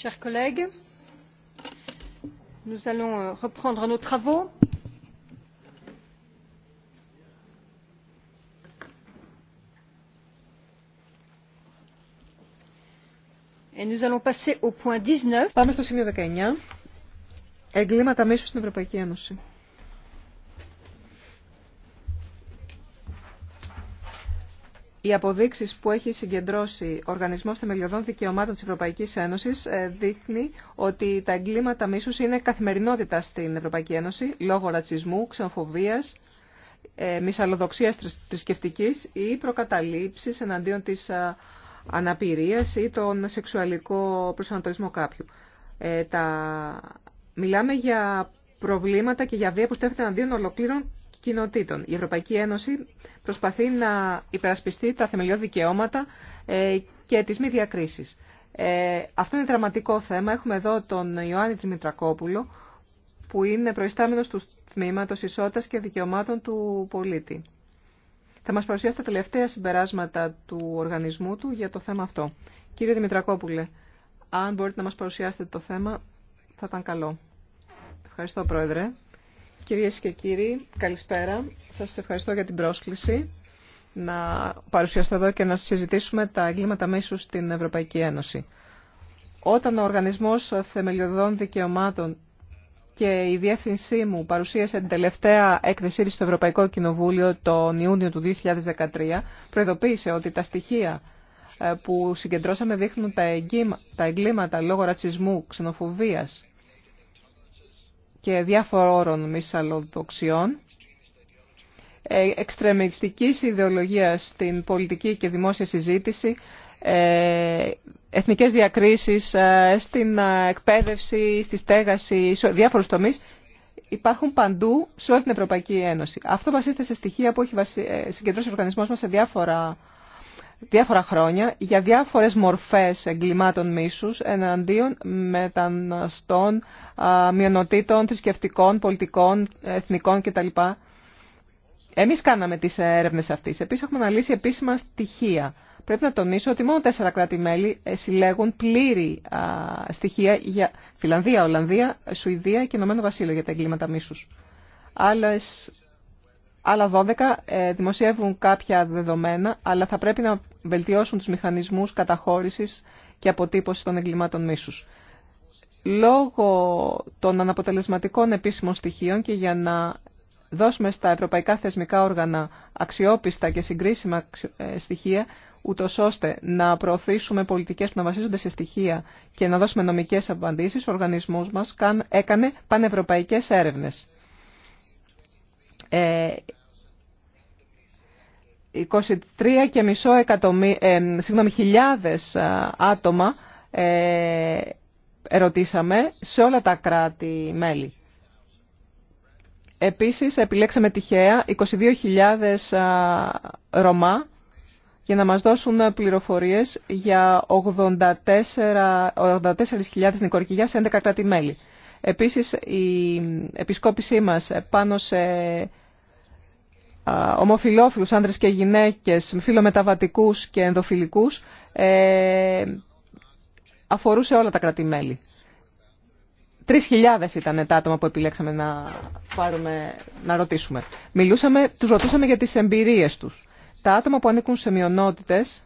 chers collègues nous allons reprendre nos travaux. Et nous allons passer au point 19. neuf Οι αποδείξεις που έχει συγκεντρώσει ο Οργανισμός Θεμελιωδών Δικαιωμάτων της Ευρωπαϊκής Ένωσης ε, δείχνει ότι τα εγκλήματα μίσους είναι καθημερινότητα στην Ευρωπαϊκή Ένωση λόγω ρατσισμού, ξενοφοβίας, ε, μυσαλλοδοξίας θρησκευτική ή προκαταλήψεις εναντίον της ε, αναπηρίας ή τον σεξουαλικό προσανατολισμό κάποιου. τα... Μιλάμε για προβλήματα και για βία που στρέφεται εναντίον ολοκλήρων κοινοτήτων. Η Ευρωπαϊκή Ένωση προσπαθεί να υπερασπιστεί τα θεμελιώδη δικαιώματα ε, και τις μη διακρίσεις. Ε, αυτό είναι δραματικό θέμα. Έχουμε εδώ τον Ιωάννη Δημητρακόπουλο, που είναι προϊστάμενος του Τμήματος Ισότητας και Δικαιωμάτων του Πολίτη. Θα μας παρουσιάσει τα τελευταία συμπεράσματα του οργανισμού του για το θέμα αυτό. Κύριε Δημητρακόπουλε, αν μπορείτε να μας παρουσιάσετε το θέμα, θα ήταν καλό. Ευχαριστώ, Πρόεδρε. Κυρίες και κύριοι, καλησπέρα. Σας ευχαριστώ για την πρόσκληση να παρουσιαστώ εδώ και να συζητήσουμε τα εγκλήματα μίσου στην Ευρωπαϊκή Ένωση. Όταν ο Οργανισμός Θεμελιωδών Δικαιωμάτων και η διεύθυνσή μου παρουσίασε την τελευταία έκθεσή της στο Ευρωπαϊκό Κοινοβούλιο τον Ιούνιο του 2013, προειδοποίησε ότι τα στοιχεία ε, που συγκεντρώσαμε δείχνουν τα εγκλήματα λόγω ρατσισμού, ξενοφοβίας, και διάφορων μυσαλλοδοξιών, ε, εξτρεμιστικής ιδεολογίας στην πολιτική και δημόσια συζήτηση, ε, εθνικές διακρίσεις ε, στην εκπαίδευση, στη στέγαση, σε διάφορους τομείς, υπάρχουν παντού σε όλη την Ευρωπαϊκή Ένωση. Αυτό βασίζεται σε στοιχεία που έχει συγκεντρώσει ο οργανισμός μας σε διάφορα διάφορα χρόνια για διάφορες μορφές εγκλημάτων μίσους εναντίον μεταναστών, μειονοτήτων, θρησκευτικών, πολιτικών, εθνικών κτλ. Εμείς κάναμε τις έρευνες αυτές. Επίσης έχουμε αναλύσει επίσημα στοιχεία. Πρέπει να τονίσω ότι μόνο τέσσερα κράτη-μέλη ε, συλλέγουν πλήρη στοιχεία για Φιλανδία, Ολλανδία, Σουηδία και Ηνωμένο Βασίλειο για τα εγκλήματα μίσους. Άλλες Άλλα 12 ε, δημοσιεύουν κάποια δεδομένα, αλλά θα πρέπει να βελτιώσουν τους μηχανισμούς καταχώρησης και αποτύπωση των εγκλημάτων μίσους. Λόγω των αναποτελεσματικών επίσημων στοιχείων και για να δώσουμε στα ευρωπαϊκά θεσμικά όργανα αξιόπιστα και συγκρίσιμα ε, στοιχεία, ούτω ώστε να προωθήσουμε πολιτικέ που να βασίζονται σε στοιχεία και να δώσουμε νομικέ απαντήσει, ο οργανισμό μα έκανε πανευρωπαϊκέ έρευνε. Ε, 23.500 ε, χιλιάδες ε, άτομα ε, ερωτήσαμε σε όλα τα κράτη-μέλη. Επίσης, επιλέξαμε τυχαία 22.000 ε, Ρωμά για να μας δώσουν πληροφορίες για 84.000 84 νοικοκυριά σε 11 κράτη-μέλη. Επίσης, η επισκόπησή μας πάνω σε ομοφιλόφιλους άνδρες και γυναίκες, φιλομεταβατικούς και ενδοφιλικούς, ε, αφορούσε όλα τα κρατημέλη. Τρεις χιλιάδες ήταν τα άτομα που επιλέξαμε να, πάρουμε, να ρωτήσουμε. Μιλούσαμε, τους ρωτούσαμε για τις εμπειρίες τους. Τα άτομα που ανήκουν σε μειονότητες,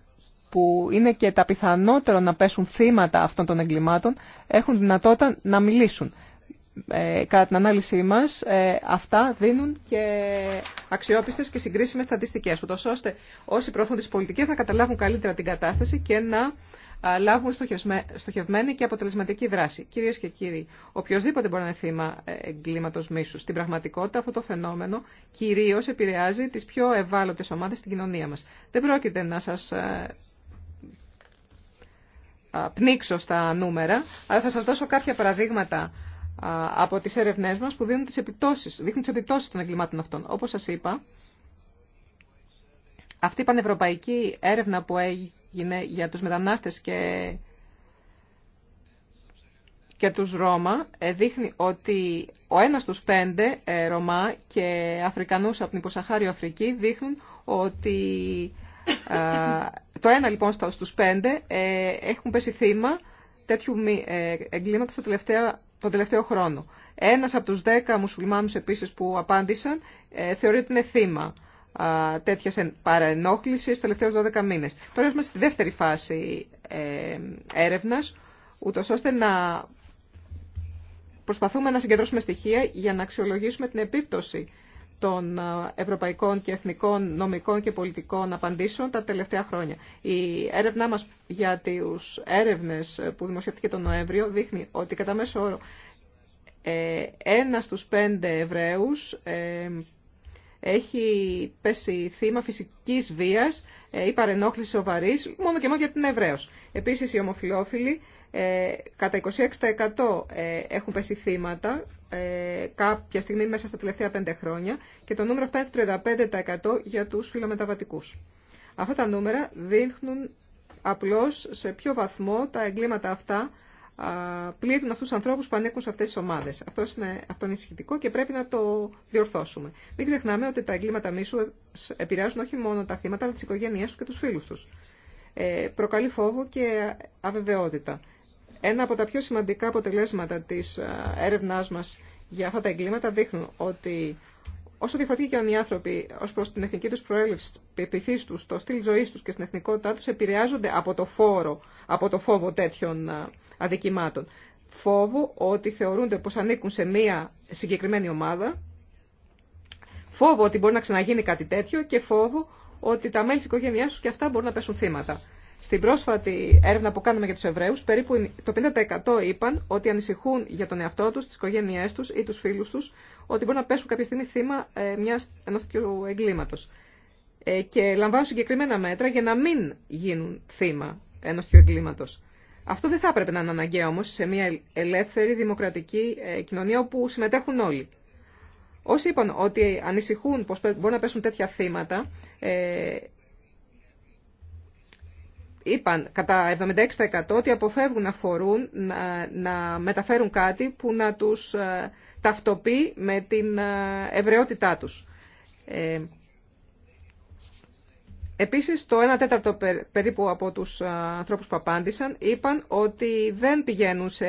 που είναι και τα πιθανότερο να πέσουν θύματα αυτών των εγκλημάτων, έχουν δυνατότητα να μιλήσουν ε, κατά την ανάλυση μας, ε, αυτά δίνουν και αξιόπιστες και συγκρίσιμες στατιστικές, ούτως ώστε όσοι προωθούν τις πολιτικές να καταλάβουν καλύτερα την κατάσταση και να λάβουν στοχευμένη και αποτελεσματική δράση. Κυρίες και κύριοι, οποιοδήποτε μπορεί να είναι θύμα ε, εγκλήματος μίσου. Στην πραγματικότητα αυτό το φαινόμενο κυρίως επηρεάζει τις πιο ευάλωτες ομάδες στην κοινωνία μας. Δεν πρόκειται να σας ε, πνίξω στα νούμερα, αλλά θα σας δώσω κάποια παραδείγματα από τις έρευνές μας που δίνουν τις επιπτώσεις, δείχνουν τις επιπτώσεις των εγκλημάτων αυτών. Όπως σας είπα, αυτή η πανευρωπαϊκή έρευνα που έγινε για τους μετανάστες και, και τους Ρώμα ε, δείχνει ότι ο ένας στους πέντε ε, Ρωμά και Αφρικανούς από την Υποσαχάριο Αφρική δείχνουν ότι το ένα λοιπόν στους πέντε ε, έχουν πέσει θύμα τέτοιου εγκλήματος τα τελευταία τον τελευταίο χρόνο. Ένας από τους δέκα μουσουλμάνους επίση που απάντησαν ε, θεωρεί ότι είναι θύμα τέτοια παρενόχληση στους τελευταίου 12 μήνες. Τώρα είμαστε στη δεύτερη φάση ε, έρευνας, ούτως ώστε να προσπαθούμε να συγκεντρώσουμε στοιχεία για να αξιολογήσουμε την επίπτωση των ε, ευρωπαϊκών και εθνικών νομικών και πολιτικών απαντήσεων τα τελευταία χρόνια. Η έρευνά μας για τις έρευνες που δημοσιεύτηκε τον Νοέμβριο δείχνει ότι κατά μέσο όρο ε, ένα στους πέντε Εβραίους ε, έχει πέσει θύμα φυσικής βίας ή παρενόχληση σοβαρής, μόνο και μόνο γιατί είναι Εβραίος. Επίσης οι ομοφιλόφιλοι κατά 26% έχουν πέσει θύματα ε, κάποια στιγμή μέσα στα τελευταία πέντε χρόνια και το νούμερο φτάνει το 35% για τους φιλομεταβατικούς. Αυτά τα νούμερα δείχνουν απλώς σε ποιο βαθμό τα εγκλήματα αυτά πλήττουν αυτούς τους ανθρώπους που ανήκουν σε αυτές τις ομάδες. Αυτό είναι, αυτό είναι ισχυτικό και πρέπει να το διορθώσουμε. Μην ξεχνάμε ότι τα εγκλήματα μίσου επηρεάζουν όχι μόνο τα θύματα, αλλά τις οικογένειές τους και τους φίλους τους. Ε, προκαλεί φόβο και αβεβαιότητα. Ένα από τα πιο σημαντικά αποτελέσματα της ε, έρευνάς μας για αυτά τα εγκλήματα δείχνουν ότι όσο διαφορετικοί και αν οι άνθρωποι ως προς την εθνική τους προέλευση, τι τους του, το στυλ ζωή του και στην εθνικότητά τους επηρεάζονται από το, φόρο, από το φόβο τέτοιων ε, αδικημάτων. Φόβο ότι θεωρούνται πως ανήκουν σε μία συγκεκριμένη ομάδα, φόβο ότι μπορεί να ξαναγίνει κάτι τέτοιο και φόβο ότι τα μέλη της οικογένειάς τους και αυτά μπορούν να πέσουν θύματα. Στην πρόσφατη έρευνα που κάναμε για τους Εβραίου, περίπου το 50% είπαν ότι ανησυχούν για τον εαυτό τους, τις οικογένειε τους ή τους φίλους τους, ότι μπορεί να πέσουν κάποια στιγμή θύμα ενό ενός τέτοιου εγκλήματος. Ε, και λαμβάνουν συγκεκριμένα μέτρα για να μην γίνουν θύμα ενός τέτοιου εγκλήματος. Αυτό δεν θα έπρεπε να είναι αναγκαίο όμω σε μια ελεύθερη δημοκρατική ε, κοινωνία όπου συμμετέχουν όλοι. Όσοι είπαν ότι ανησυχούν πω μπορεί να πέσουν τέτοια θύματα, ε, είπαν κατά 76% ότι αποφεύγουν να φορούν, να, μεταφέρουν κάτι που να τους ε, ταυτοποιεί με την ε, ευρεότητά τους. Ε, επίσης, το 1 τέταρτο περίπου από τους ε, ανθρώπους που απάντησαν είπαν ότι δεν πηγαίνουν σε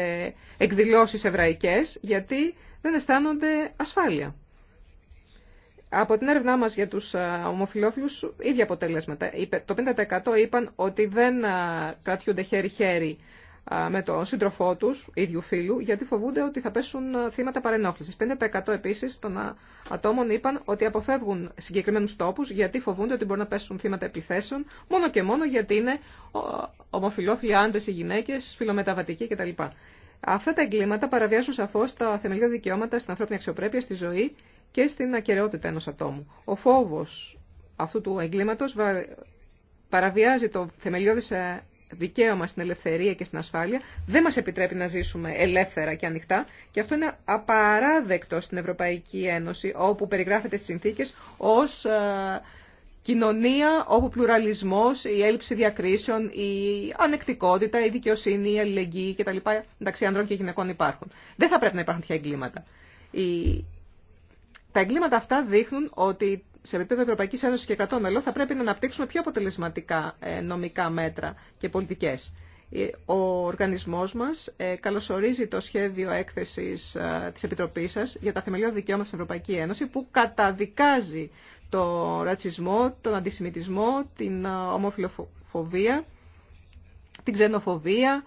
εκδηλώσεις εβραϊκές γιατί δεν αισθάνονται ασφάλεια. Από την έρευνά μας για τους ομοφιλόφιλους, ίδια αποτελέσματα. Το 50% είπαν ότι δεν κρατιούνται χέρι-χέρι με τον σύντροφό τους, ίδιου φίλου, γιατί φοβούνται ότι θα πέσουν θύματα παρενόχλησης. 50% επίσης των ατόμων είπαν ότι αποφεύγουν συγκεκριμένους τόπους, γιατί φοβούνται ότι μπορούν να πέσουν θύματα επιθέσεων, μόνο και μόνο γιατί είναι ομοφιλόφιλοι άντρες ή γυναίκες, φιλομεταβατικοί κτλ. Αυτά τα εγκλήματα παραβιάζουν σαφώ τα θεμελιώδη δικαιώματα στην ανθρώπινη αξιοπρέπεια, στη ζωή και στην ακεραιότητα ενός ατόμου. Ο φόβος αυτού του εγκλήματος παραβιάζει το θεμελιώδης ε, δικαίωμα στην ελευθερία και στην ασφάλεια, δεν μας επιτρέπει να ζήσουμε ελεύθερα και ανοιχτά και αυτό είναι απαράδεκτο στην Ευρωπαϊκή Ένωση όπου περιγράφεται στις συνθήκες ως ε, κοινωνία όπου πλουραλισμός, η έλλειψη διακρίσεων, η ανεκτικότητα, η δικαιοσύνη, η αλληλεγγύη κτλ. Ενταξύ ανδρών και γυναικών υπάρχουν. Δεν θα πρέπει να υπάρχουν τέτοια εγκλήματα. Η τα εγκλήματα αυτά δείχνουν ότι σε επίπεδο Ευρωπαϊκή Ένωση και κρατών μελών θα πρέπει να αναπτύξουμε πιο αποτελεσματικά ε, νομικά μέτρα και πολιτικέ. Ε, ο οργανισμό μα ε, καλωσορίζει το σχέδιο έκθεση τη Επιτροπής σα για τα θεμελιώδη δικαιώματα στην Ευρωπαϊκή Ένωση που καταδικάζει το ρατσισμό, τον αντισημιτισμό, την ομοφιλοφοβία, την ξενοφοβία,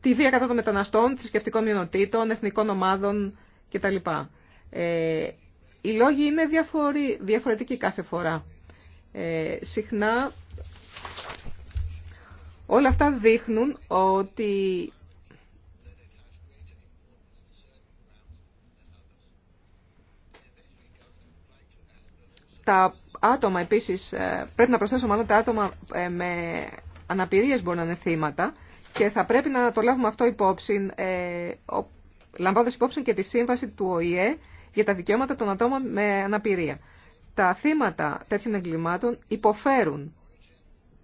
τη βία κατά των μεταναστών, θρησκευτικών μειονοτήτων, εθνικών ομάδων κτλ. Ε, οι λόγοι είναι διαφορετικοί κάθε φορά. Ε, συχνά όλα αυτά δείχνουν ότι τα άτομα επίσης, ε, πρέπει να προσθέσω μάλλον τα άτομα ε, με αναπηρίες μπορούν να είναι θύματα και θα πρέπει να το λάβουμε αυτό υπόψη, ε, λαμβάνοντας υπόψη και τη σύμβαση του ΟΗΕ για τα δικαιώματα των ατόμων με αναπηρία. Τα θύματα τέτοιων εγκλημάτων υποφέρουν.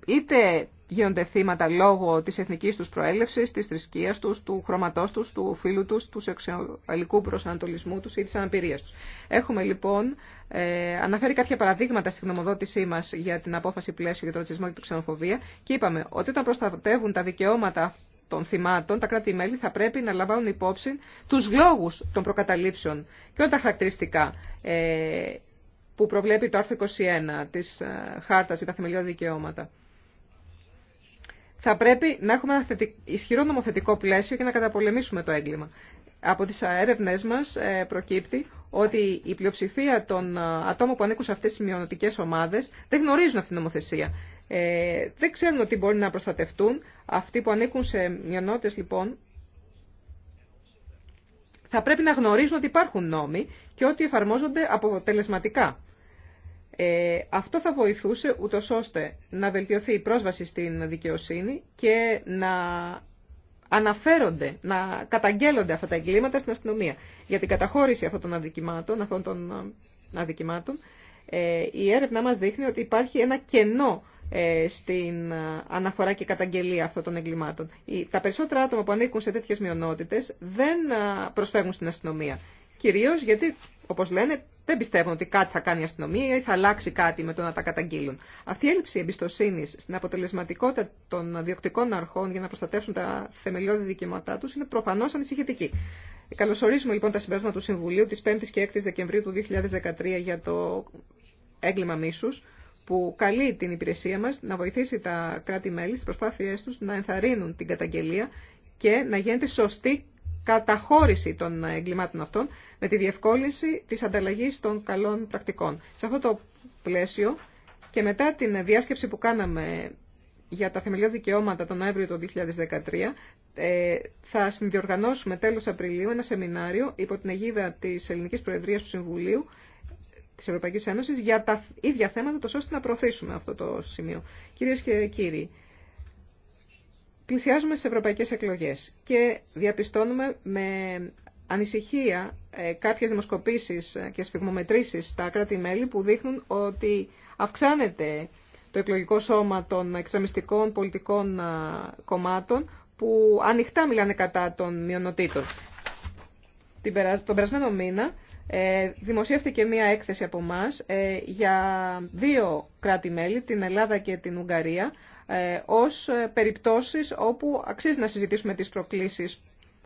Είτε γίνονται θύματα λόγω της εθνικής τους προέλευσης, της θρησκείας τους, του χρωματός τους, του φίλου τους, του σεξουαλικού προσανατολισμού τους ή της αναπηρίας τους. Έχουμε λοιπόν ε, αναφέρει κάποια παραδείγματα στη γνωμοδότησή μας για την απόφαση πλαίσιο για τον ρατσισμό και την ξενοφοβία και είπαμε ότι όταν προστατεύουν τα δικαιώματα των θυμάτων, τα κράτη-μέλη θα πρέπει να λαμβάνουν υπόψη τους λόγου των προκαταλήψεων και όλα τα χαρακτηριστικά ε, που προβλέπει το άρθρο 21 της ε, Χάρτας ή τα θεμελιώδη δικαιώματα. Θα πρέπει να έχουμε ένα ισχυρό νομοθετικό πλαίσιο και να καταπολεμήσουμε το έγκλημα. Από τις έρευνές μας ε, προκύπτει ότι η πλειοψηφία των ε, ατόμων που ανήκουν σε αυτές τις μειονοτικές ομάδες δεν γνωρίζουν αυτή την νομοθεσία. Ε, δεν ξέρουν ότι μπορεί να προστατευτούν. Αυτοί που ανήκουν σε μειονότητες λοιπόν θα πρέπει να γνωρίζουν ότι υπάρχουν νόμοι και ότι εφαρμόζονται αποτελεσματικά. Ε, αυτό θα βοηθούσε ούτω ώστε να βελτιωθεί η πρόσβαση στην δικαιοσύνη και να αναφέρονται, να καταγγέλλονται αυτά τα εγκλήματα στην αστυνομία. Για την καταχώρηση αυτών των αδικημάτων, αυτών των ε, αδικημάτων ε, η έρευνά μας δείχνει ότι υπάρχει ένα κενό ε, στην αναφορά και καταγγελία αυτών των εγκλημάτων. Τα περισσότερα άτομα που ανήκουν σε τέτοιες μειονότητες δεν προσφέρουν στην αστυνομία. Κυρίως γιατί, όπως λένε, δεν πιστεύουν ότι κάτι θα κάνει η αστυνομία ή θα αλλάξει κάτι με το να τα καταγγείλουν. Αυτή η έλλειψη εμπιστοσύνη στην αποτελεσματικότητα των διοκτικών αρχών για να προστατεύσουν τα θεμελιώδη δικαιώματά του είναι προφανώ ανησυχητική. Καλωσορίζουμε λοιπόν τα συμπέρασματα του Συμβουλίου τη 5η και 6η Δεκεμβρίου του 2013 για το έγκλημα μίσου, που καλεί την υπηρεσία μα να βοηθήσει τα κράτη-μέλη στι προσπάθειέ του να ενθαρρύνουν την καταγγελία και να γίνεται σωστή καταχώρηση των εγκλημάτων αυτών με τη διευκόλυνση της ανταλλαγής των καλών πρακτικών. Σε αυτό το πλαίσιο και μετά την διάσκεψη που κάναμε για τα θεμελιώδη δικαιώματα τον Νοέμβριο του 2013 ε, θα συνδιοργανώσουμε τέλος Απριλίου ένα σεμινάριο υπό την αιγίδα της Ελληνικής Προεδρίας του Συμβουλίου της Ευρωπαϊκής Ένωσης για τα ίδια θέματα, τόσο ώστε να προωθήσουμε αυτό το σημείο. Κυρίες και κύριοι, πλησιάζουμε στις ευρωπαϊκές εκλογές και διαπιστώνουμε με ανησυχία ε, κάποιες δημοσκοπήσεις ε, και σφιγμομετρήσεις στα κράτη-μέλη που δείχνουν ότι αυξάνεται το εκλογικό σώμα των εξαμιστικών πολιτικών ε, κομμάτων που ανοιχτά μιλάνε κατά των μειονοτήτων. Τον περασμένο μήνα δημοσιεύτηκε μία έκθεση από εμά για δύο κράτη-μέλη, την Ελλάδα και την Ουγγαρία, ε, ως ε, περιπτώσεις όπου αξίζει να συζητήσουμε τις προκλήσεις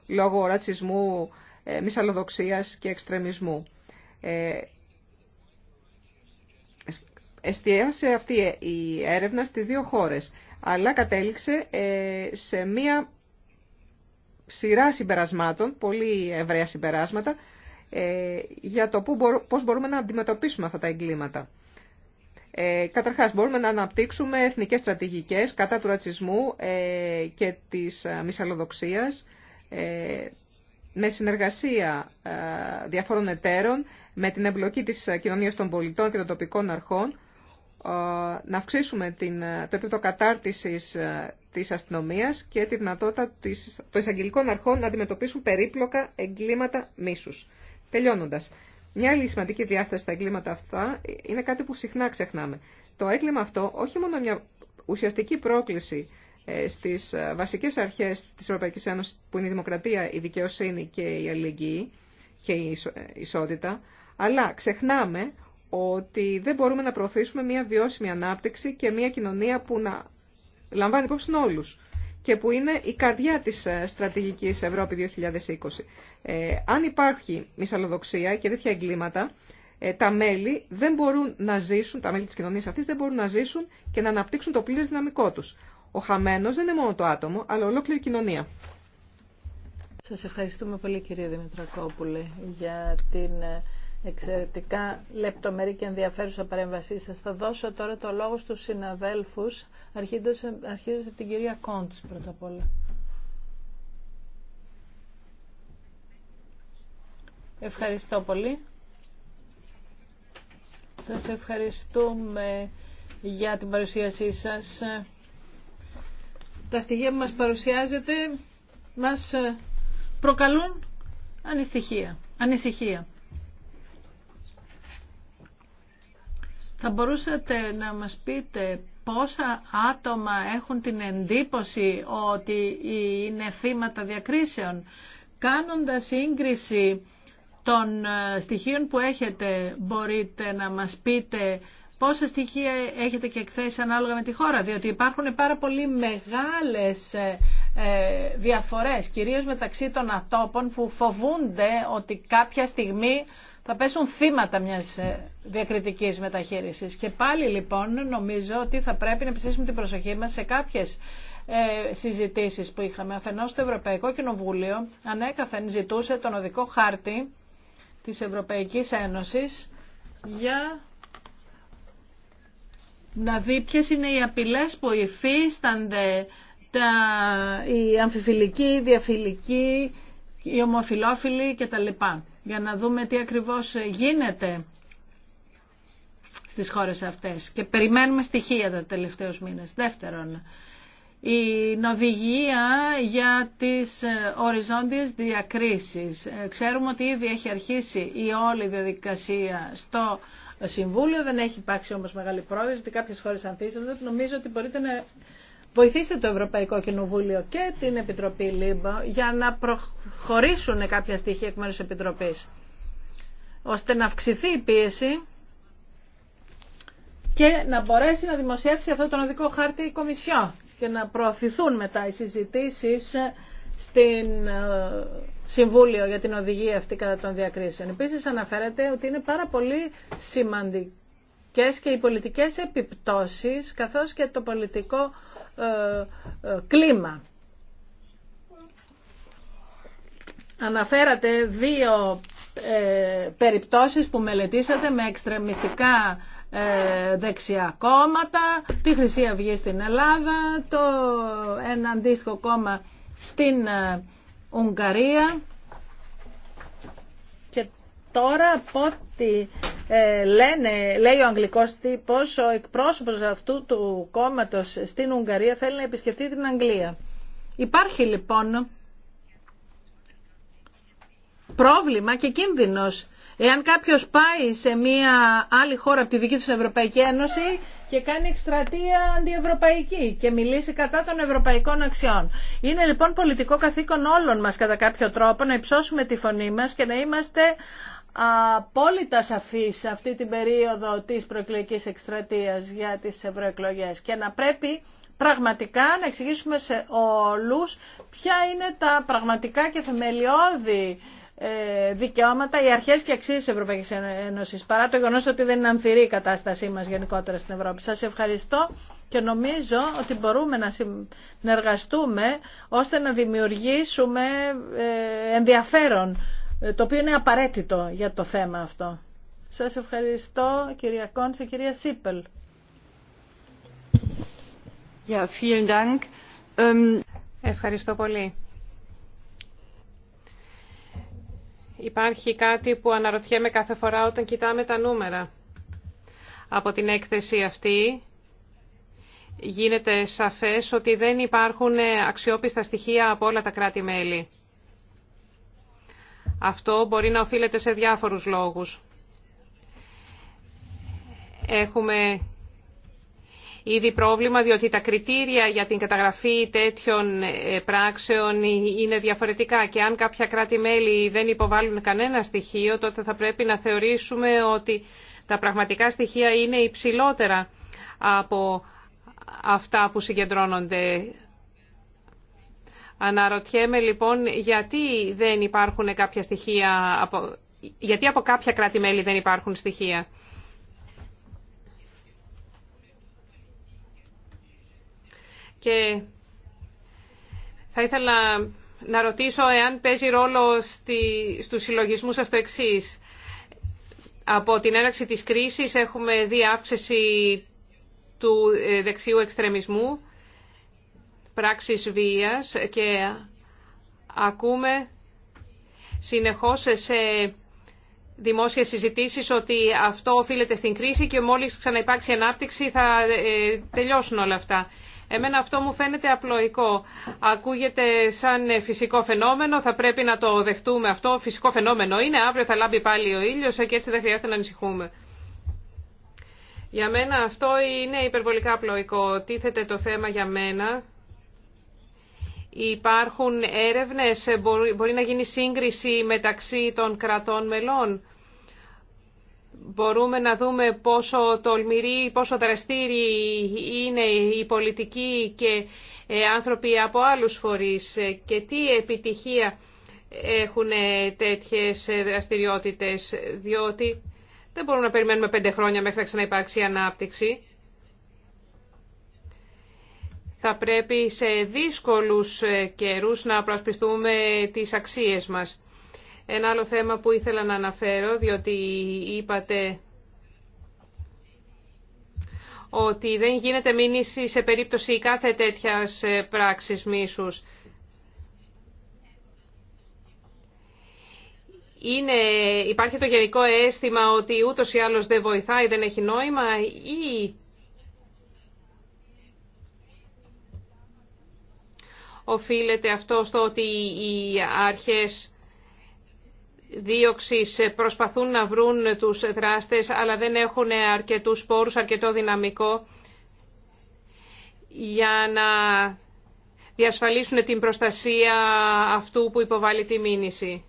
λόγω ρατσισμού, ε, μυσαλλοδοξίας και εξτρεμισμού. Εστίασε αυτή η έρευνα στις δύο χώρες, αλλά κατέληξε σε μία σειρά συμπερασμάτων, πολύ ευρεά συμπεράσματα, για το πώς μπορούμε να αντιμετωπίσουμε αυτά τα εγκλήματα. Ε, καταρχάς, μπορούμε να αναπτύξουμε εθνικές στρατηγικές κατά του ρατσισμού ε, και της ε, μυσαλλοδοξίας ε, με συνεργασία διαφόρων εταίρων, με την εμπλοκή της κοινωνίας των πολιτών και των τοπικών αρχών, να αυξήσουμε την, το επίπεδο κατάρτισης της αστυνομίας και τη δυνατότητα της, των εισαγγελικών αρχών να αντιμετωπίσουν περίπλοκα εγκλήματα μίσους. Τελειώνοντας, μια άλλη σημαντική διάσταση στα εγκλήματα αυτά είναι κάτι που συχνά ξεχνάμε. Το έγκλημα αυτό όχι μόνο μια ουσιαστική πρόκληση ε, στις ε, βασικές αρχές της Ευρωπαϊκής Ένωση, που είναι η δημοκρατία, η δικαιοσύνη και η αλληλεγγύη και η ε, ισότητα, αλλά ξεχνάμε ότι δεν μπορούμε να προωθήσουμε μια βιώσιμη ανάπτυξη και μια κοινωνία που να λαμβάνει υπόψη όλου και που είναι η καρδιά της ε, στρατηγικής Ευρώπη 2020. Ε, αν υπάρχει μυσαλλοδοξία και τέτοια εγκλήματα, ε, τα μέλη δεν μπορούν να ζήσουν, τα μέλη της κοινωνίας αυτής δεν μπορούν να ζήσουν και να αναπτύξουν το πλήρες δυναμικό τους. Ο χαμένος δεν είναι μόνο το άτομο, αλλά ολόκληρη κοινωνία. Σας ευχαριστούμε πολύ κυρία Δημητρακόπουλε για την ε, εξαιρετικά λεπτομερή και ενδιαφέρουσα παρέμβασή σας. Θα δώσω τώρα το λόγο του συναδέλφους, αρχίζοντας από την κυρία Κόντς πρώτα απ' όλα. Ευχαριστώ πολύ. Σας ευχαριστούμε για την παρουσίασή σας. Τα στοιχεία που μας παρουσιάζετε μας προκαλούν ανησυχία. ανησυχία. Θα μπορούσατε να μας πείτε πόσα άτομα έχουν την εντύπωση ότι είναι θύματα διακρίσεων. Κάνοντας σύγκριση των ε, στοιχείων που έχετε, μπορείτε να μας πείτε πόσα στοιχεία έχετε και εκθέσει ανάλογα με τη χώρα, διότι υπάρχουν πάρα πολύ μεγάλες ε, ε, διαφορές, κυρίως μεταξύ των ατόπων που φοβούνται ότι κάποια στιγμή θα πέσουν θύματα μιας ε, διακριτικής μεταχείρισης. Και πάλι λοιπόν νομίζω ότι θα πρέπει να επιστήσουμε την προσοχή μας σε κάποιες ε, συζητήσεις που είχαμε. Αφενός το Ευρωπαϊκό Κοινοβούλιο ανέκαθεν ζητούσε τον οδικό χάρτη της Ευρωπαϊκής Ένωσης για να δει ποιε είναι οι απειλές που υφίστανται τα, η αμφιφιλική, η διαφιλική, η κτλ για να δούμε τι ακριβώς γίνεται στις χώρες αυτές. Και περιμένουμε στοιχεία τα τελευταίους μήνες. Δεύτερον, η νοδηγία για τις ε, οριζόντιες διακρίσεις. Ε, ξέρουμε ότι ήδη έχει αρχίσει η όλη διαδικασία στο Συμβούλιο, δεν έχει υπάρξει όμως μεγάλη πρόοδος, ότι κάποιες χώρες ανθίστανται. Νομίζω ότι μπορείτε να βοηθήστε το Ευρωπαϊκό Κοινοβούλιο και την Επιτροπή ΛΥΜΠΑ για να προχωρήσουν κάποια στοιχεία εκ μέρους Επιτροπής, ώστε να αυξηθεί η πίεση και να μπορέσει να δημοσιεύσει αυτό τον οδικό χάρτη η Κομισιό και να προωθηθούν μετά οι συζητήσεις στην ε, Συμβούλιο για την οδηγία αυτή κατά των διακρίσεων. Επίσης αναφέρεται ότι είναι πάρα πολύ σημαντικές και οι πολιτικές επιπτώσεις καθώς και το πολιτικό ε, ε, κλίμα. Αναφέρατε δύο ε, περιπτώσεις που μελετήσατε με εξτρεμιστικά δεξιά κόμματα, τη Χρυσή Αυγή στην Ελλάδα, το ένα αντίστοιχο κόμμα στην Ουγγαρία και τώρα από ό,τι ε, λένε, λέει ο αγγλικός τύπος, ο εκπρόσωπος αυτού του κόμματος στην Ουγγαρία θέλει να επισκεφτεί την Αγγλία. Υπάρχει λοιπόν πρόβλημα και κίνδυνος. Εάν κάποιος πάει σε μια άλλη χώρα από τη δική του Ευρωπαϊκή Ένωση και κάνει εκστρατεία αντιευρωπαϊκή και μιλήσει κατά των ευρωπαϊκών αξιών. Είναι λοιπόν πολιτικό καθήκον όλων μας κατά κάποιο τρόπο να υψώσουμε τη φωνή μας και να είμαστε απόλυτα σαφή σε αυτή την περίοδο της προεκλογικής εκστρατείας για τις ευρωεκλογέ και να πρέπει πραγματικά να εξηγήσουμε σε όλους ποια είναι τα πραγματικά και θεμελιώδη ε, δικαιώματα, οι αρχές και αξίες της Ευρωπαϊκής Ένωσης, παρά το γεγονός ότι δεν είναι ανθυρή η κατάστασή μας γενικότερα στην Ευρώπη. Σας ευχαριστώ και νομίζω ότι μπορούμε να συνεργαστούμε ώστε να δημιουργήσουμε ε, ενδιαφέρον ε, το οποίο είναι απαραίτητο για το θέμα αυτό. Σας ευχαριστώ κυρία Κόντσα, κυρία Σίπελ. Ja, vielen Dank. Ähm, ευχαριστώ πολύ. Υπάρχει κάτι που αναρωτιέμαι κάθε φορά όταν κοιτάμε τα νούμερα. Από την έκθεση αυτή γίνεται σαφές ότι δεν υπάρχουν αξιόπιστα στοιχεία από όλα τα κράτη-μέλη. Αυτό μπορεί να οφείλεται σε διάφορους λόγους. Έχουμε ήδη πρόβλημα διότι τα κριτήρια για την καταγραφή τέτοιων ε, πράξεων είναι διαφορετικά και αν κάποια κράτη-μέλη δεν υποβάλλουν κανένα στοιχείο τότε θα πρέπει να θεωρήσουμε ότι τα πραγματικά στοιχεία είναι υψηλότερα από αυτά που συγκεντρώνονται Αναρωτιέμαι λοιπόν γιατί δεν υπάρχουν κάποια στοιχεία, από... γιατί από κάποια κράτη-μέλη δεν υπάρχουν στοιχεία. Και θα ήθελα να ρωτήσω εάν παίζει ρόλο στη... στους συλλογισμούς σας το εξής. Από την έναρξη της κρίσης έχουμε δει αύξηση του ε, δεξιού εξτρεμισμού πράξεις βίας και ακούμε συνεχώς σε δημόσιες συζητήσεις ότι αυτό οφείλεται στην κρίση και μόλις ξαναυπάρξει ανάπτυξη θα ε, τελειώσουν όλα αυτά. Εμένα αυτό μου φαίνεται απλοϊκό. Ακούγεται σαν φυσικό φαινόμενο, θα πρέπει να το δεχτούμε αυτό. Φυσικό φαινόμενο είναι, αύριο θα λάμπει πάλι ο ήλιος και έτσι δεν χρειάζεται να ανησυχούμε. Για μένα αυτό είναι υπερβολικά απλοϊκό. Τίθεται το θέμα για μένα Υπάρχουν έρευνες, μπορεί να γίνει σύγκριση μεταξύ των κρατών μελών. Μπορούμε να δούμε πόσο τολμηροί, πόσο δραστήριοι είναι οι πολιτικοί και ε, άνθρωποι από άλλους φορείς και τι επιτυχία έχουν ε, τέτοιες δραστηριότητες, διότι δεν μπορούμε να περιμένουμε πέντε χρόνια μέχρι να ξαναυπάρξει ανάπτυξη θα πρέπει σε δύσκολους ε, καιρούς να προασπιστούμε τις αξίες μας. Ένα άλλο θέμα που ήθελα να αναφέρω, διότι είπατε ότι δεν γίνεται μήνυση σε περίπτωση κάθε τέτοιας ε, πράξης μίσους. Είναι, υπάρχει το γενικό αίσθημα ότι ούτως ή άλλως δεν βοηθάει, δεν έχει νόημα ή οφείλεται αυτό στο ότι οι αρχές δίωξης προσπαθούν να βρουν τους δράστες αλλά δεν έχουν αρκετούς πόρους, αρκετό δυναμικό για να διασφαλίσουν την προστασία αυτού που υποβάλλει τη μήνυση.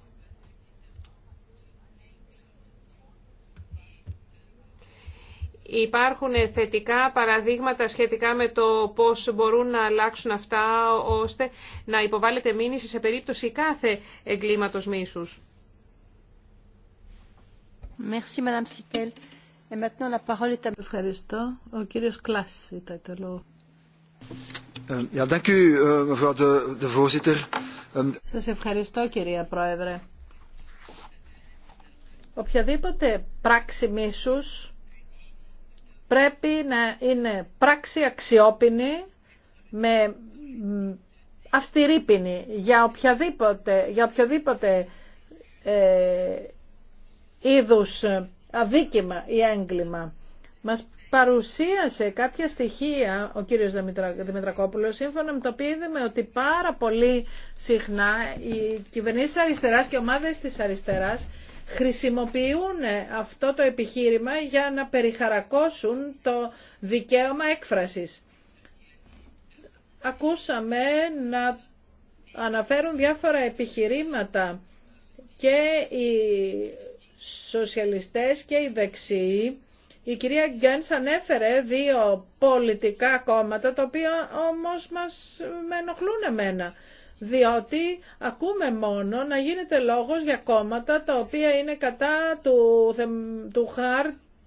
Υπάρχουν θετικά παραδείγματα σχετικά με το πώς μπορούν να αλλάξουν αυτά ώστε να υποβάλλεται μήνυση σε περίπτωση κάθε εγκλήματος μίσους. Merci, Madame Sipel. Et maintenant, la parole est à... Ευχαριστώ. Ο κύριος Κλάσης ήταν το λόγο. Ε, ja, dank u, ε, mevrouw de, voorzitter. Ε, Σας ευχαριστώ, κυρία Πρόεδρε. Οποιαδήποτε πράξη μίσους πρέπει να είναι πράξη αξιόπινη με αυστηρή ποινή για οποιαδήποτε, για οποιοδήποτε ε, είδους αδίκημα ή έγκλημα. Μας παρουσίασε κάποια στοιχεία ο κύριος Δημητρακόπουλος, σύμφωνα με το οποίο είδαμε ότι πάρα πολύ συχνά οι κυβερνήσεις αριστεράς και ομάδες της αριστεράς χρησιμοποιούν αυτό το επιχείρημα για να περιχαρακώσουν το δικαίωμα έκφρασης. Ακούσαμε να αναφέρουν διάφορα επιχειρήματα και οι σοσιαλιστές και οι δεξιοί. Η κυρία Γκένς ανέφερε δύο πολιτικά κόμματα, τα οποία όμως μας με ενοχλούν εμένα διότι ακούμε μόνο να γίνεται λόγος για κόμματα τα οποία είναι κατά του, του, χαρ,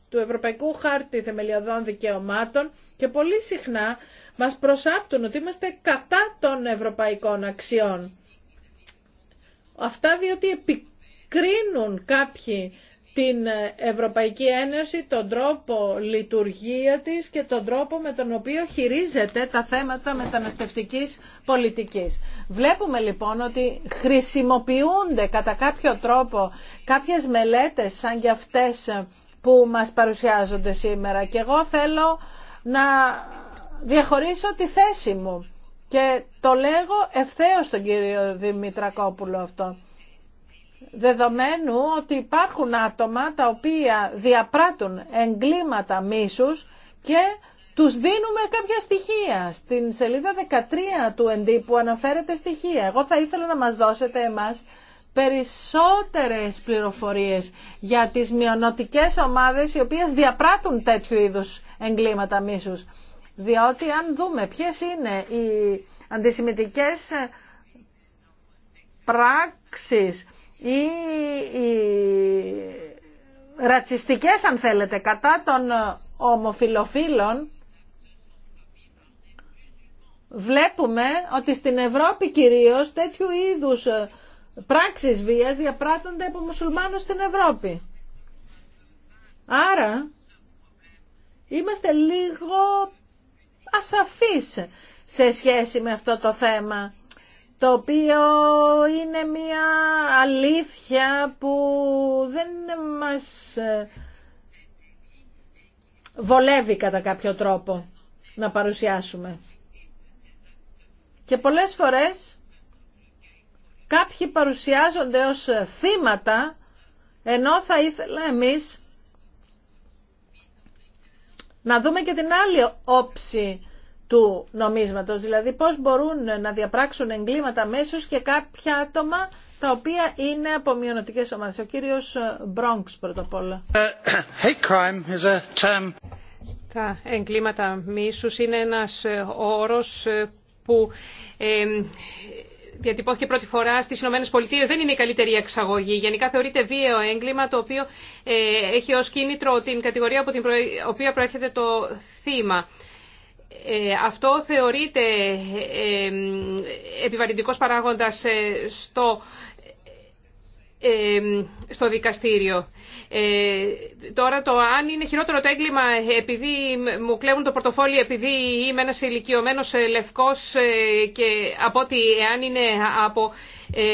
του Ευρωπαϊκού Χάρτη Θεμελιωδών Δικαιωμάτων και πολύ συχνά μας προσάπτουν ότι είμαστε κατά των ευρωπαϊκών αξιών. Αυτά διότι επικρίνουν κάποιοι την Ευρωπαϊκή Ένωση, τον τρόπο λειτουργία της και τον τρόπο με τον οποίο χειρίζεται τα θέματα μεταναστευτικής πολιτικής. Βλέπουμε λοιπόν ότι χρησιμοποιούνται κατά κάποιο τρόπο κάποιες μελέτες σαν και αυτές που μας παρουσιάζονται σήμερα και εγώ θέλω να διαχωρίσω τη θέση μου και το λέγω ευθέως τον κύριο Δημητρακόπουλο αυτό δεδομένου ότι υπάρχουν άτομα τα οποία διαπράττουν εγκλήματα μίσους και τους δίνουμε κάποια στοιχεία. Στην σελίδα 13 του που αναφέρεται στοιχεία. Εγώ θα ήθελα να μας δώσετε εμάς περισσότερες πληροφορίες για τις μειονοτικές ομάδες οι οποίες διαπράττουν τέτοιου είδους εγκλήματα μίσους. Διότι αν δούμε ποιες είναι οι αντισημιτικές πράξεις ή ρατσιστικές αν θέλετε κατά των ε, ομοφιλοφίλων βλέπουμε ότι στην Ευρώπη κυρίως τέτοιου είδους ε, πράξεις βίας διαπράττονται από μουσουλμάνους στην Ευρώπη. Άρα είμαστε λίγο ασαφείς σε σχέση με αυτό το θέμα το οποίο είναι μια αλήθεια που δεν μας ε, βολεύει κατά κάποιο τρόπο να παρουσιάσουμε. Και πολλές φορές κάποιοι παρουσιάζονται ως θύματα ενώ θα ήθελα εμείς να δούμε και την άλλη όψη του νομίσματος. Δηλαδή πώς μπορούν να διαπράξουν εγκλήματα μέσως και κάποια άτομα τα οποία είναι από μειονοτικές ομάδες. Ο κύριος Μπρονξ πρώτα απ' όλα. Ε, τα εγκλήματα μίσους είναι ένας ε, όρος ε, που διατυπώθηκε πρώτη φορά στι Ηνωμένε Πολιτείε. Δεν είναι η καλύτερη εξαγωγή. Γενικά θεωρείται βίαιο έγκλημα το οποίο έχει ω κίνητρο την κατηγορία από την οποία προέρχεται το θύμα. Ε, αυτό θεωρείται ε, επιβαρυντικός παράγοντας ε, στο στο δικαστήριο. Ε, τώρα το αν είναι χειρότερο το έγκλημα επειδή μου κλέβουν το πορτοφόλι επειδή είμαι ένας ηλικιωμένο λευκός και από ότι εάν είναι από, ε,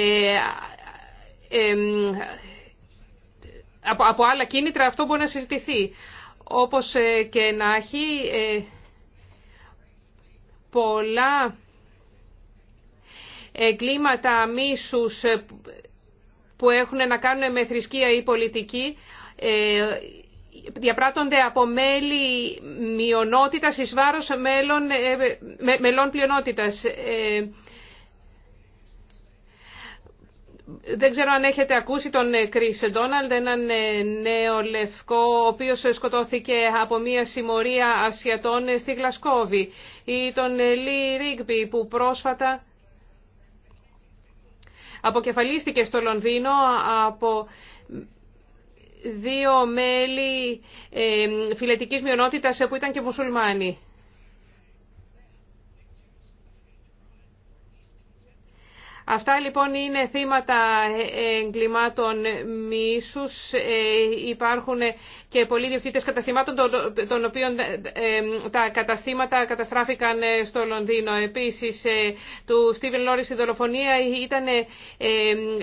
ε, από, από, άλλα κίνητρα αυτό μπορεί να συζητηθεί. Όπως και να έχει πολλά εγκλήματα μίσους που έχουν να κάνουν με θρησκεία ή πολιτική ε, διαπράττονται από μέλη μειονότητας εις βάρος μέλων, ε, μελών πλειονότητας. Ε, δεν ξέρω αν έχετε ακούσει τον Κρίς ε, Ντόναλντ, έναν ε, νέο λευκό, ο οποίος ε, σκοτώθηκε από μια συμμορία ασιατών στη Γλασκόβη. Ή τον Λί Ρίγμπι που πρόσφατα αποκεφαλίστηκε στο Λονδίνο από δύο μέλη φιλετικής μειονότητας που ήταν και μουσουλμάνοι. Αυτά λοιπόν είναι θύματα ε, εγκλημάτων μίσους. Ε, υπάρχουν και πολλοί διευθύντες καταστημάτων των οποίων ε, τα καταστήματα καταστράφηκαν στο Λονδίνο. Επίσης του Στίβεν Λόρις η δολοφονία ήταν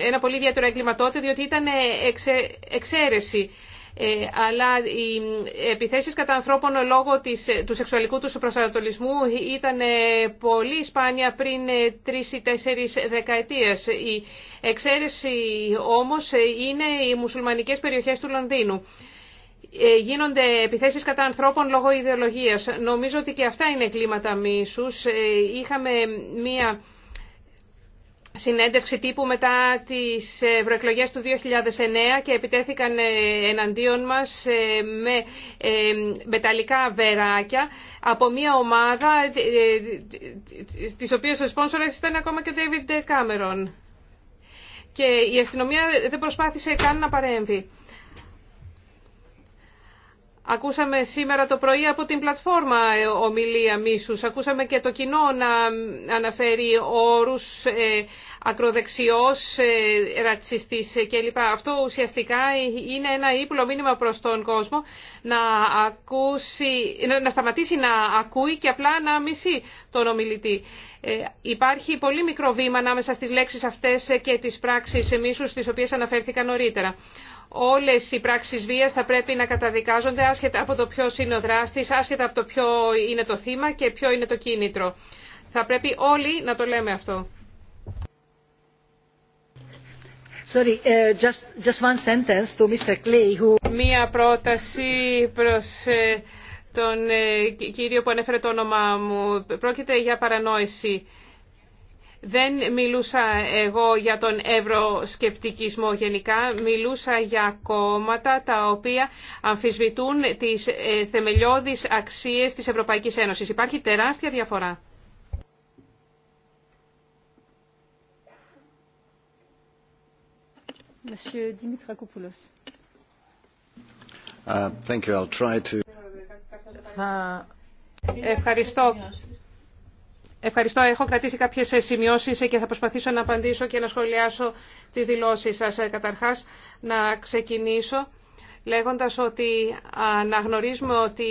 ένα πολύ ιδιαίτερο τότε διότι ήταν εξαίρεση. Ε, αλλά οι επιθέσεις κατά ανθρώπων λόγω του σεξουαλικού του προσανατολισμού ήταν ε, πολύ σπάνια πριν ε, τρεις ή τέσσερις δεκαετίες. Η εξαίρεση όμως είναι οι μουσουλμανικές περιοχές του Λονδίνου. Γίνονται επιθέσεις κατά ανθρώπων λόγω ιδεολογίας. Νομίζω ότι και αυτά είναι κλίματα μίσους. Είχαμε μία συνέντευξη τύπου μετά τις ε, ευρωεκλογές του 2009 και επιτέθηκαν ε, εναντίον μας ε, με μεταλλικά βεράκια από μια ομάδα της οποίας ο σπόνσορας ήταν ακόμα και ο David Cameron. Και η αστυνομία δεν προσπάθησε καν να παρέμβει. Ακούσαμε σήμερα το πρωί από την πλατφόρμα ε, ομιλία μίσους. Ακούσαμε και το κοινό να αναφέρει όρους ε, ακροδεξιός, ε, ρατσιστής ε, κλπ. Αυτό ουσιαστικά είναι ένα ύπουλο μήνυμα προς τον κόσμο να, ακούσει, να, σταματήσει να ακούει και απλά να μισεί τον ομιλητή. Ε, υπάρχει πολύ μικρό βήμα ανάμεσα στις λέξεις αυτές και τις πράξεις μίσους τις οποίες αναφέρθηκαν νωρίτερα όλες οι πράξεις βίας θα πρέπει να καταδικάζονται άσχετα από το ποιος είναι ο δράστης, άσχετα από το ποιο είναι το θύμα και ποιο είναι το κίνητρο. Θα πρέπει όλοι να το λέμε αυτό. Sorry, uh, just, just one sentence to Mr. Clay, who... Μία πρόταση προς ε, τον ε, κύριο που ανέφερε το όνομά μου. Πρόκειται για παρανόηση. Δεν μιλούσα εγώ για τον ευρωσκεπτικισμό γενικά, μιλούσα για κόμματα τα οποία αμφισβητούν τις ε, θεμελιώδεις αξίες της Ευρωπαϊκής Ένωσης. Υπάρχει τεράστια διαφορά. Uh, Ευχαριστώ. Ευχαριστώ. Έχω κρατήσει κάποιες σημειώσεις και θα προσπαθήσω να απαντήσω και να σχολιάσω τις δηλώσεις σα. Ε, καταρχάς, να ξεκινήσω λέγοντας ότι αναγνωρίζουμε ότι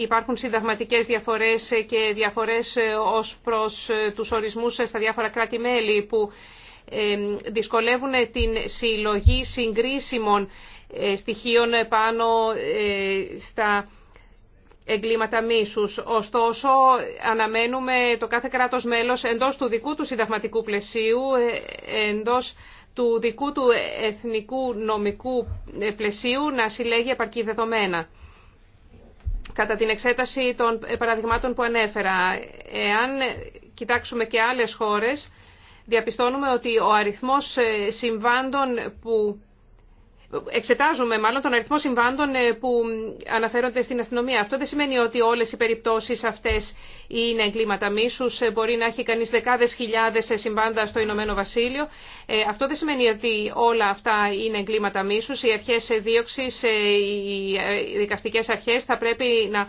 υπάρχουν συνταγματικέ διαφορές και διαφορές ε, ως προς ε, τους ορισμούς στα διάφορα κράτη-μέλη που δυσκολεύουν την συλλογή συγκρίσιμων στοιχείων πάνω στα εγκλήματα μίσους. Ωστόσο, αναμένουμε το κάθε κράτος μέλος εντός του δικού του συνταγματικού πλαισίου, ε, εντός του δικού του εθνικού νομικού ε, πλαισίου να συλλέγει επαρκή δεδομένα. Κατά την εξέταση των παραδειγμάτων που ανέφερα, εάν κοιτάξουμε και άλλες χώρες, διαπιστώνουμε ότι ο αριθμός ε, συμβάντων που Εξετάζουμε μάλλον τον αριθμό συμβάντων ε, που αναφέρονται στην αστυνομία. Αυτό δεν σημαίνει ότι όλες οι περιπτώσεις αυτές είναι εγκλήματα μίσους. Ε, μπορεί να έχει κανείς δεκάδες χιλιάδες ε, συμβάντα στο Ηνωμένο Βασίλειο. Αυτό δεν σημαίνει ότι όλα αυτά είναι εγκλήματα μίσους. Οι αρχές δίωξης, οι δικαστικές αρχές θα πρέπει να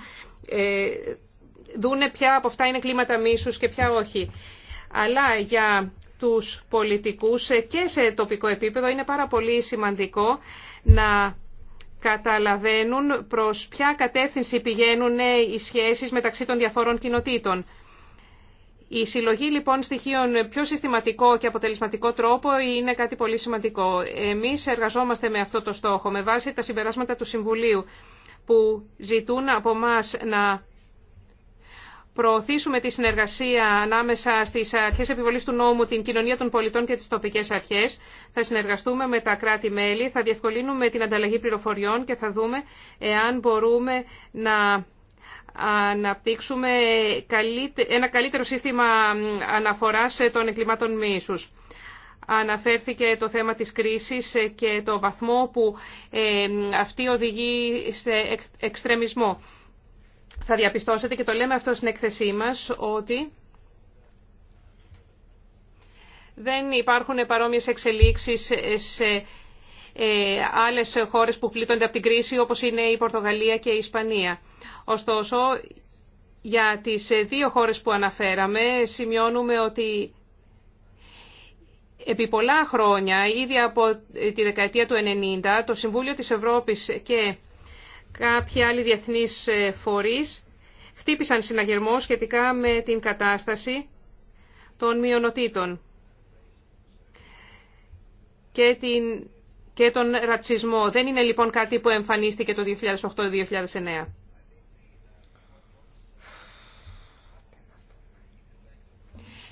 δούνε ποια από αυτά είναι κλίματα μίσους και ποια όχι. Αλλά για τους πολιτικούς και σε τοπικό επίπεδο είναι πάρα πολύ σημαντικό να καταλαβαίνουν προς ποια κατεύθυνση πηγαίνουν οι σχέσεις μεταξύ των διαφόρων κοινοτήτων. Η συλλογή λοιπόν στοιχείων πιο συστηματικό και αποτελεσματικό τρόπο είναι κάτι πολύ σημαντικό. Εμείς εργαζόμαστε με αυτό το στόχο, με βάση τα συμπεράσματα του Συμβουλίου που ζητούν από μας να προωθήσουμε τη συνεργασία ανάμεσα στις αρχές επιβολής του νόμου, την κοινωνία των πολιτών και τις τοπικές αρχές. Θα συνεργαστούμε με τα κράτη-μέλη, θα διευκολύνουμε την ανταλλαγή πληροφοριών και θα δούμε εάν μπορούμε να αναπτύξουμε ένα καλύτερο σύστημα αναφοράς των εγκλημάτων μίσους. Αναφέρθηκε το θέμα της κρίσης και το βαθμό που ε, αυτή οδηγεί σε εξτρεμισμό θα διαπιστώσετε και το λέμε αυτό στην έκθεσή μας ότι δεν υπάρχουν παρόμοιες εξελίξεις σε ε, άλλες χώρες που πλήττονται από την κρίση όπως είναι η Πορτογαλία και η Ισπανία. Ωστόσο, για τις δύο χώρες που αναφέραμε σημειώνουμε ότι επί πολλά χρόνια, ήδη από τη δεκαετία του 90, το Συμβούλιο της Ευρώπης και Κάποιοι άλλοι διεθνείς ε, φορείς χτύπησαν συναγερμό σχετικά με την κατάσταση των μειονοτήτων και, την, και τον ρατσισμό. Δεν είναι λοιπόν κάτι που εμφανίστηκε το 2008-2009.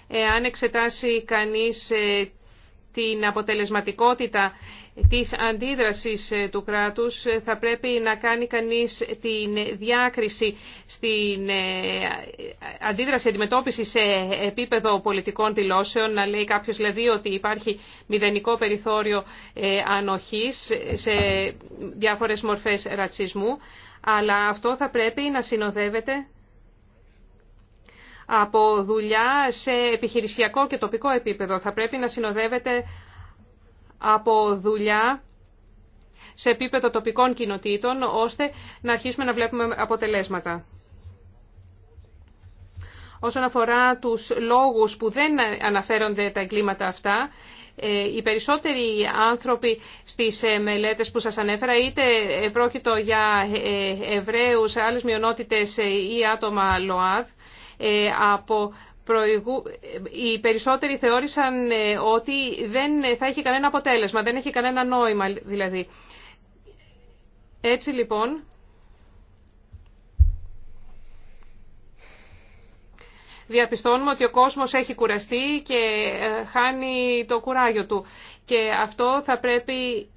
Εάν εξετάσει κανείς ε, την αποτελεσματικότητα της αντίδρασης ε, του κράτους ε, θα πρέπει να κάνει κανείς την διάκριση στην ε, αντίδραση αντιμετώπιση σε επίπεδο πολιτικών δηλώσεων, να λέει κάποιος δηλαδή ότι υπάρχει μηδενικό περιθώριο ανοχής σε διάφορες μορφές ρατσισμού, αλλά αυτό θα πρέπει να συνοδεύεται από δουλειά σε επιχειρησιακό και τοπικό επίπεδο. Θα πρέπει να συνοδεύεται από δουλειά σε επίπεδο τοπικών κοινοτήτων, ώστε να αρχίσουμε να βλέπουμε αποτελέσματα. Όσον αφορά τους λόγους που δεν αναφέρονται τα εγκλήματα αυτά, ε, οι περισσότεροι άνθρωποι στις ε, μελέτες που σας ανέφερα, είτε πρόκειτο για ε, Εβραίους, άλλες μειονότητες ή άτομα ΛΟΑΔ, από προηγου... οι περισσότεροι θεώρησαν ε, ότι δεν θα έχει κανένα αποτέλεσμα, δεν έχει κανένα νόημα δηλαδή. Έτσι λοιπόν, διαπιστώνουμε ότι ο κόσμος έχει κουραστεί και ε, χάνει το κουράγιο του. Και αυτό θα πρέπει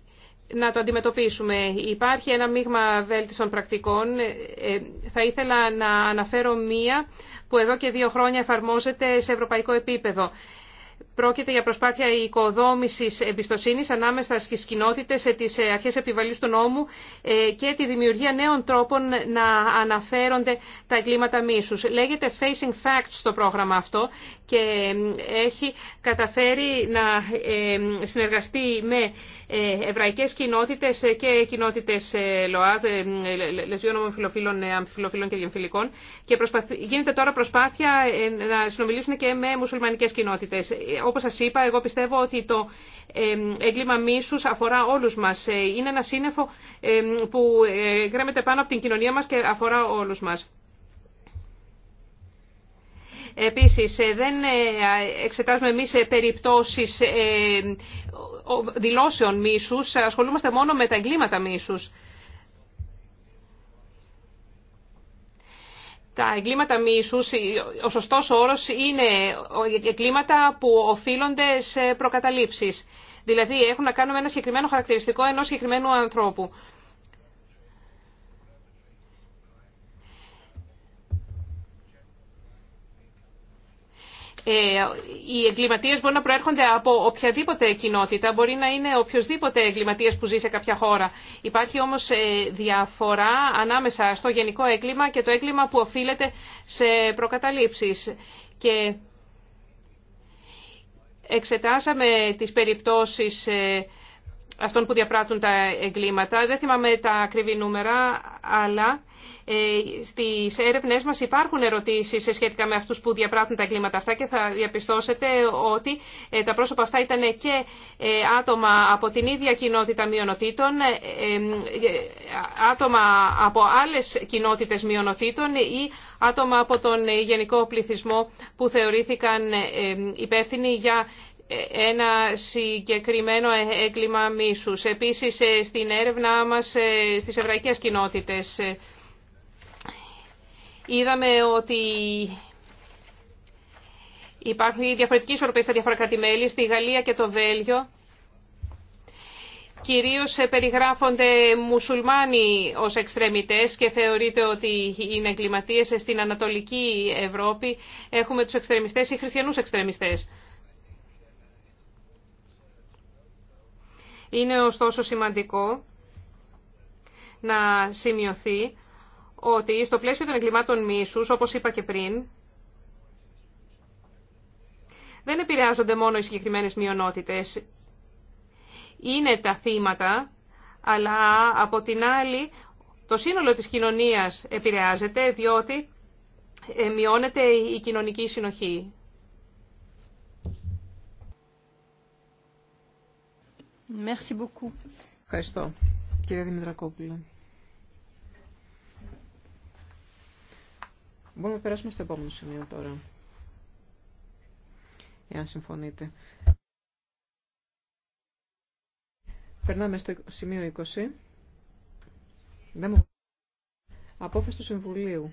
να το αντιμετωπίσουμε. Υπάρχει ένα μείγμα βέλτιστων πρακτικών. Ε, θα ήθελα να αναφέρω μία που εδώ και δύο χρόνια εφαρμόζεται σε ευρωπαϊκό επίπεδο. Πρόκειται για προσπάθεια οικοδόμηση εμπιστοσύνη ανάμεσα στι κοινότητε, ε, τι ε, αρχέ επιβαλή του νόμου ε, και τη δημιουργία νέων τρόπων να αναφέρονται τα εγκλήματα μίσου. Λέγεται Facing Facts το πρόγραμμα αυτό και έχει καταφέρει να συνεργαστεί με εβραϊκέ κοινότητε και κοινότητε ΛΟΑΔ, λεσβιών ομοφυλοφίλων, αμφιλοφίλων και διεμφυλικών και γίνεται τώρα προσπάθεια να συνομιλήσουν και με μουσουλμανικέ κοινότητε όπως σας είπα, εγώ πιστεύω ότι το έγκλημα μίσους αφορά όλους μας. Ε, είναι ένα σύννεφο που ε, γράμεται πάνω από την κοινωνία μας και αφορά όλους μας. Επίσης, ε, δεν εξετάζουμε εμείς περιπτώσεις δηλώσεων μίσους, ασχολούμαστε μόνο με τα εγκλήματα μίσους. τα εγκλήματα μίσου, ο σωστός όρο είναι εγκλήματα που οφείλονται σε προκαταλήψεις. Δηλαδή έχουν να κάνουν ένα συγκεκριμένο χαρακτηριστικό ενός συγκεκριμένου ανθρώπου. Ε, οι εγκληματίε μπορούν να προέρχονται από οποιαδήποτε κοινότητα, μπορεί να είναι οποιοδήποτε εγκληματία που ζει σε κάποια χώρα. Υπάρχει όμω ε, διαφορά ανάμεσα στο γενικό έγκλημα και το έγκλημα που οφείλεται σε προκαταλήψει. Και εξετάσαμε τις περιπτώσεις ε, Αυτόν που διαπράττουν τα εγκλήματα. Δεν θυμάμαι τα ακριβή νούμερα, αλλά ε, στις έρευνές μας υπάρχουν ερωτήσεις σχετικά με αυτούς που διαπράττουν τα εγκλήματα αυτά και θα διαπιστώσετε ότι ε, τα πρόσωπα αυτά ήταν και ε, άτομα από την ίδια κοινότητα μειονοτήτων, άτομα από άλλες κοινότητες μειονοτήτων ή άτομα από τον γενικό πληθυσμό που θεωρήθηκαν υπεύθυνοι για ένα συγκεκριμένο ε, έγκλημα μίσους. Επίσης ε, στην έρευνά μας ε, στις εβραϊκές κοινότητες είδαμε ότι υπάρχουν διαφορετικοί ισορροπές στα διάφορα στη Γαλλία και το Βέλγιο. Κυρίως περιγράφονται μουσουλμάνοι ως εξτρεμιτές και θεωρείται ότι είναι εγκληματίες στην Ανατολική Ευρώπη. Έχουμε τους εξτρεμιστές ή χριστιανούς εξτρεμιστές. Είναι ωστόσο σημαντικό να σημειωθεί ότι στο πλαίσιο των εγκλημάτων μίσους, όπως είπα και πριν, δεν επηρεάζονται μόνο οι συγκεκριμένες μειονότητες. Είναι τα θύματα, αλλά από την άλλη το σύνολο της κοινωνίας επηρεάζεται, διότι ε, μειώνεται η κοινωνική συνοχή. Ευχαριστώ, κύριε Δημητρακόπουλε. Μπορούμε να περάσουμε στο επόμενο σημείο τώρα, εάν συμφωνείτε. Περνάμε στο σημείο 20. Απόφαση του Συμβουλίου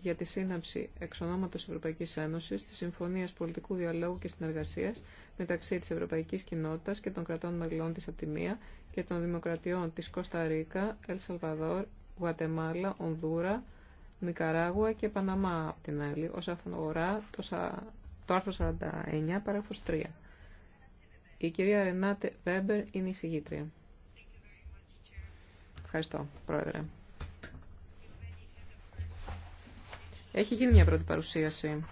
για τη σύναψη εξ ονόματος Ευρωπαϊκής Ένωσης της Συμφωνίας Πολιτικού Διαλόγου και Συνεργασίας μεταξύ της Ευρωπαϊκής Κοινότητας και των κρατών μελών της Ατιμία και των δημοκρατιών της Κώστα Ρίκα, Ελ Σαλβαδόρ, Γουατεμάλα, Ονδούρα, Νικαράγουα και Παναμά από την άλλη, ως αφορά το, το άρθρο 49, παράγραφος 3. Η κυρία Ρενάτε Βέμπερ είναι η συγγήτρια. Ευχαριστώ, Πρόεδρε. Έχει γίνει μια πρώτη παρουσίαση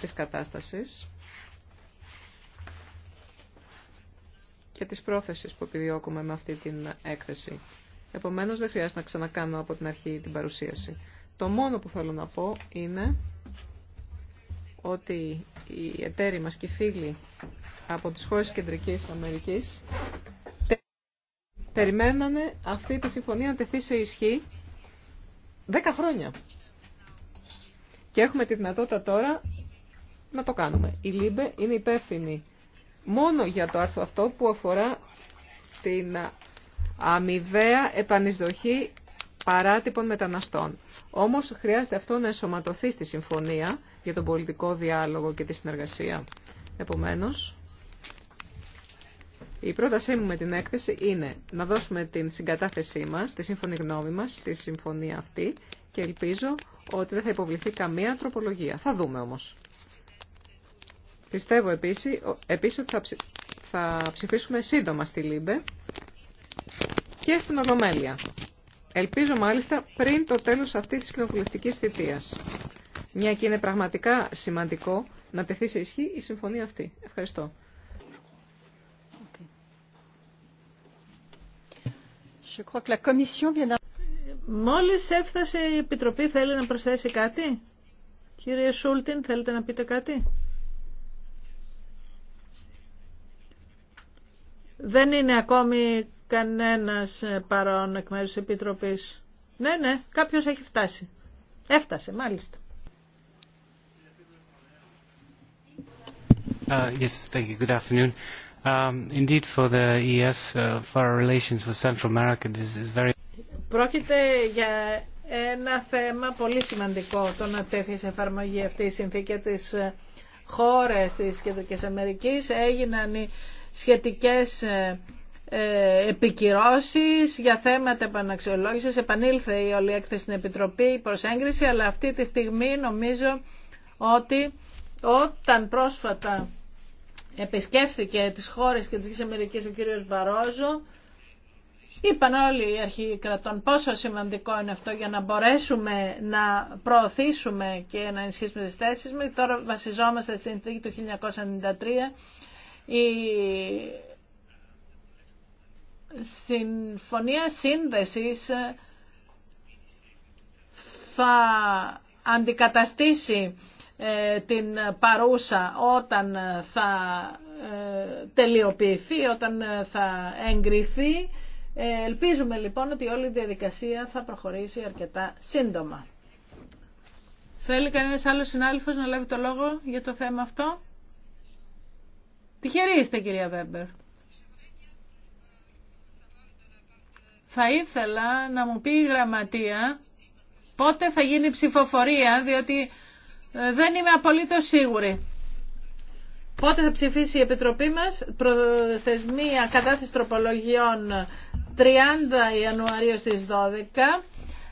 της κατάστασης και της πρόθεσης που επιδιώκουμε με αυτή την έκθεση. Επομένως δεν χρειάζεται να ξανακάνω από την αρχή την παρουσίαση. Το μόνο που θέλω να πω είναι ότι οι εταίροι μας και οι φίλοι από τις χώρες Κεντρικής Αμερικής περιμένανε αυτή τη συμφωνία να τεθεί σε ισχύ Δέκα χρόνια. Και έχουμε τη δυνατότητα τώρα να το κάνουμε. Η ΛΥΜΠΕ είναι υπεύθυνη μόνο για το άρθρο αυτό που αφορά την αμοιβαία επανεισδοχή παράτυπων μεταναστών. Όμως χρειάζεται αυτό να εσωματωθεί στη Συμφωνία για τον πολιτικό διάλογο και τη συνεργασία. Επομένως, η πρότασή μου με την έκθεση είναι να δώσουμε την συγκατάθεσή μας, τη σύμφωνη γνώμη μας, στη συμφωνία αυτή και ελπίζω ότι δεν θα υποβληθεί καμία τροπολογία. Θα δούμε όμως. Πιστεύω επίσης, επίσης ότι θα ψηφίσουμε σύντομα στη ΛΥΜΠΕ και στην Ολομέλεια. Ελπίζω μάλιστα πριν το τέλος αυτής της κοινοβουλευτικής θητείας. Μια και είναι πραγματικά σημαντικό να τεθεί σε ισχύ η συμφωνία αυτή. Ευχαριστώ. Je Μόλις έφτασε η Επιτροπή θέλει να προσθέσει κάτι. Κύριε Σούλτιν, θέλετε να πείτε κάτι. Δεν είναι ακόμη κανένας παρόν εκ μέρους της Επιτροπής. Ναι, ναι, κάποιος έχει φτάσει. Έφτασε, μάλιστα. Uh, yes, thank you. Good afternoon. Um, ES, e uh, Πρόκειται για ένα θέμα πολύ σημαντικό το να τέθει σε εφαρμογή αυτή η συνθήκη της ε, χώρες της Κεντρικής Αμερικής έγιναν οι σχετικές ε, ε, επικυρώσεις για θέματα επαναξιολόγησης επανήλθε η όλη έκθεση στην Επιτροπή προς έγκριση αλλά αυτή τη στιγμή νομίζω ότι όταν πρόσφατα επισκέφθηκε τις χώρες και τις Αμερικής ο κύριος Μπαρόζο. Είπαν όλοι οι αρχηγοί κρατών πόσο σημαντικό είναι αυτό για να μπορέσουμε να προωθήσουμε και να ενισχύσουμε τις θέσεις μας. Τώρα βασιζόμαστε στην συνθήκη του 1993. Η συμφωνία σύνδεσης θα αντικαταστήσει ε, την παρούσα όταν θα ε, τελειοποιηθεί, όταν ε, θα εγκριθεί. Ελπίζουμε λοιπόν ότι όλη η διαδικασία θα προχωρήσει αρκετά σύντομα. Θέλει κανένας άλλος συνάδελφος να λάβει το λόγο για το θέμα αυτό. Τυχεροί είστε κυρία Βέμπερ. Θα ήθελα να μου πει η γραμματεία πότε θα γίνει ψηφοφορία, διότι ε, δεν είμαι απολύτως σίγουρη. Πότε θα ψηφίσει η Επιτροπή μας, προθεσμία κατάθεση τροπολογιών 30 Ιανουαρίου στις 12,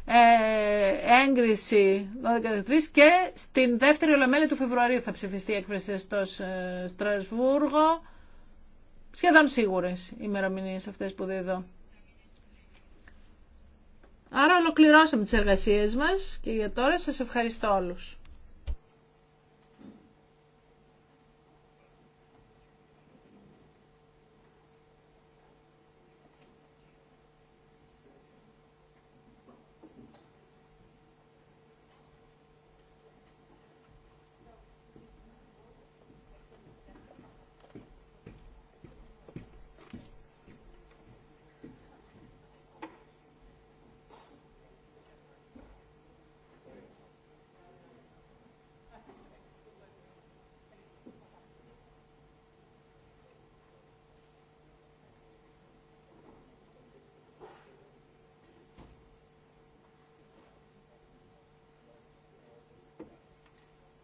ε, έγκριση 12 και στην δεύτερη ολομέλεια του Φεβρουαρίου θα ψηφιστεί η έκφραση στο Στρασβούργο. Σχεδόν σίγουρες οι ημερομηνίες αυτές που δίδω. Άρα ολοκληρώσαμε τις εργασίες μας και για τώρα σας ευχαριστώ όλους.